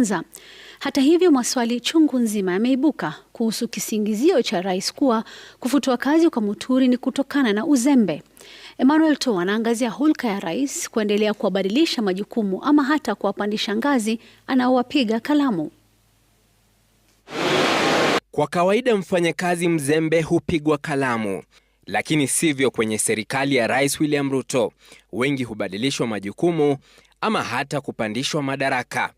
kwanza. Hata hivyo, maswali chungu nzima yameibuka kuhusu kisingizio cha rais kuwa kufutwa kazi kwa Muturi ni kutokana na uzembe. Emmanuel To anaangazia hulka ya rais kuendelea kuwabadilisha majukumu ama hata kuwapandisha ngazi anaowapiga kalamu. Kwa kawaida mfanyakazi mzembe hupigwa kalamu, lakini sivyo kwenye serikali ya Rais William Ruto. Wengi hubadilishwa majukumu ama hata kupandishwa madaraka.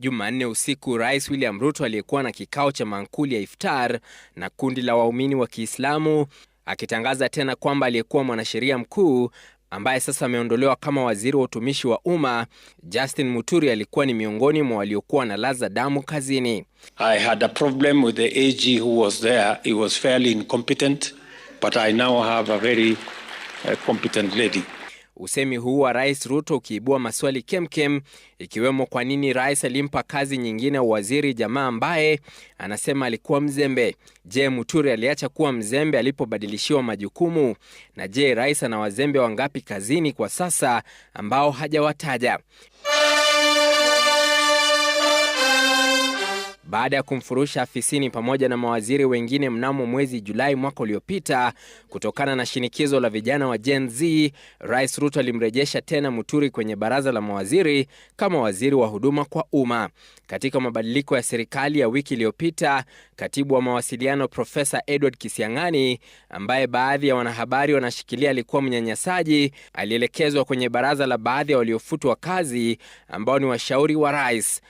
Jumanne usiku Rais William Ruto aliyekuwa na kikao cha mankuli ya iftar na kundi la waumini wa Kiislamu akitangaza tena kwamba aliyekuwa mwanasheria mkuu ambaye sasa ameondolewa kama waziri wa utumishi wa umma Justin Muturi alikuwa ni miongoni mwa waliokuwa laza damu kazini. I had a problem with the AG who was there. He was fairly incompetent, but I now have a very uh, competent lady. Usemi huu wa Rais Ruto ukiibua maswali kemkem, ikiwemo kwa nini rais alimpa kazi nyingine waziri jamaa ambaye anasema alikuwa mzembe. Je, Muturi aliacha kuwa mzembe alipobadilishiwa majukumu? Na je, rais ana wazembe wangapi kazini kwa sasa ambao hajawataja? baada ya kumfurusha afisini pamoja na mawaziri wengine mnamo mwezi Julai mwaka uliopita kutokana na shinikizo la vijana wa Gen Z. Rais Ruto alimrejesha tena Muturi kwenye baraza la mawaziri kama waziri wa huduma kwa umma. Katika mabadiliko ya serikali ya wiki iliyopita, katibu wa mawasiliano Profesa Edward Kisiang'ani, ambaye baadhi ya wanahabari wanashikilia alikuwa mnyanyasaji, alielekezwa kwenye baraza la baadhi ya waliofutwa kazi ambao ni washauri wa rais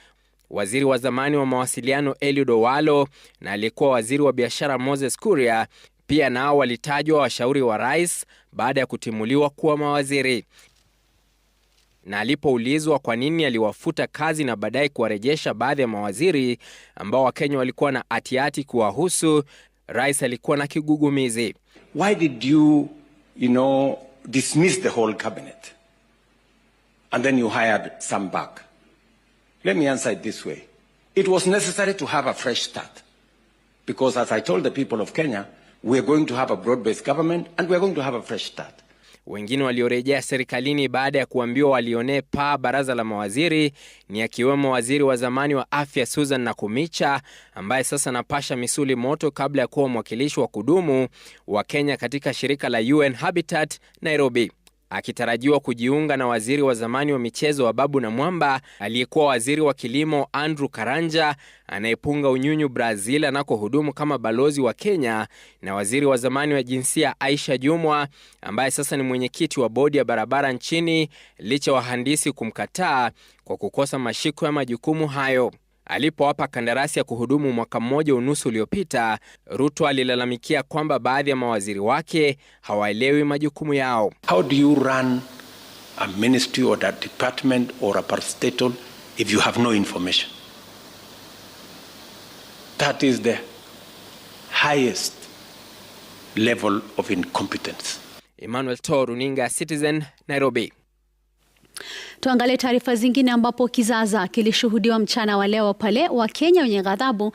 waziri wa zamani wa mawasiliano Eliud Owalo na aliyekuwa waziri wa biashara Moses Kuria pia nao walitajwa washauri wa rais baada ya kutimuliwa kuwa mawaziri. Na alipoulizwa kwa nini aliwafuta kazi na baadaye kuwarejesha baadhi ya mawaziri ambao Wakenya walikuwa na atiati kuwahusu, rais alikuwa na kigugumizi. Why did you, you know, dismiss the whole cabinet and then you hired some back? Let me answer it this way. It was necessary to have a fresh start because, as I told the people of Kenya, we are going to have a broad-based government and we are going to have a fresh start. Wengine waliorejea serikalini baada ya kuambiwa walionee paa baraza la mawaziri ni akiwemo waziri wa zamani wa afya Susan Nakumicha ambaye sasa anapasha misuli moto kabla ya kuwa mwakilishi wa kudumu wa Kenya katika shirika la UN Habitat Nairobi akitarajiwa kujiunga na waziri wa zamani wa michezo wa babu na mwamba aliyekuwa waziri wa kilimo Andrew Karanja anayepunga unyunyu Brazil anakohudumu kama balozi wa Kenya, na waziri wa zamani wa jinsia Aisha Jumwa ambaye sasa ni mwenyekiti wa bodi ya barabara nchini, licha wahandisi kumkataa kwa kukosa mashiko ya majukumu hayo. Alipowapa kandarasi ya kuhudumu mwaka mmoja unusu uliopita, Ruto alilalamikia kwamba baadhi ya mawaziri wake hawaelewi majukumu yao. How do you run a ministry or department or a parastatal if you have no information? That is the highest level of incompetence. Emmanuel Citizen, Nairobi. Tuangalie taarifa zingine ambapo kizaza kilishuhudiwa mchana wa leo pale Wakenya wenye ghadhabu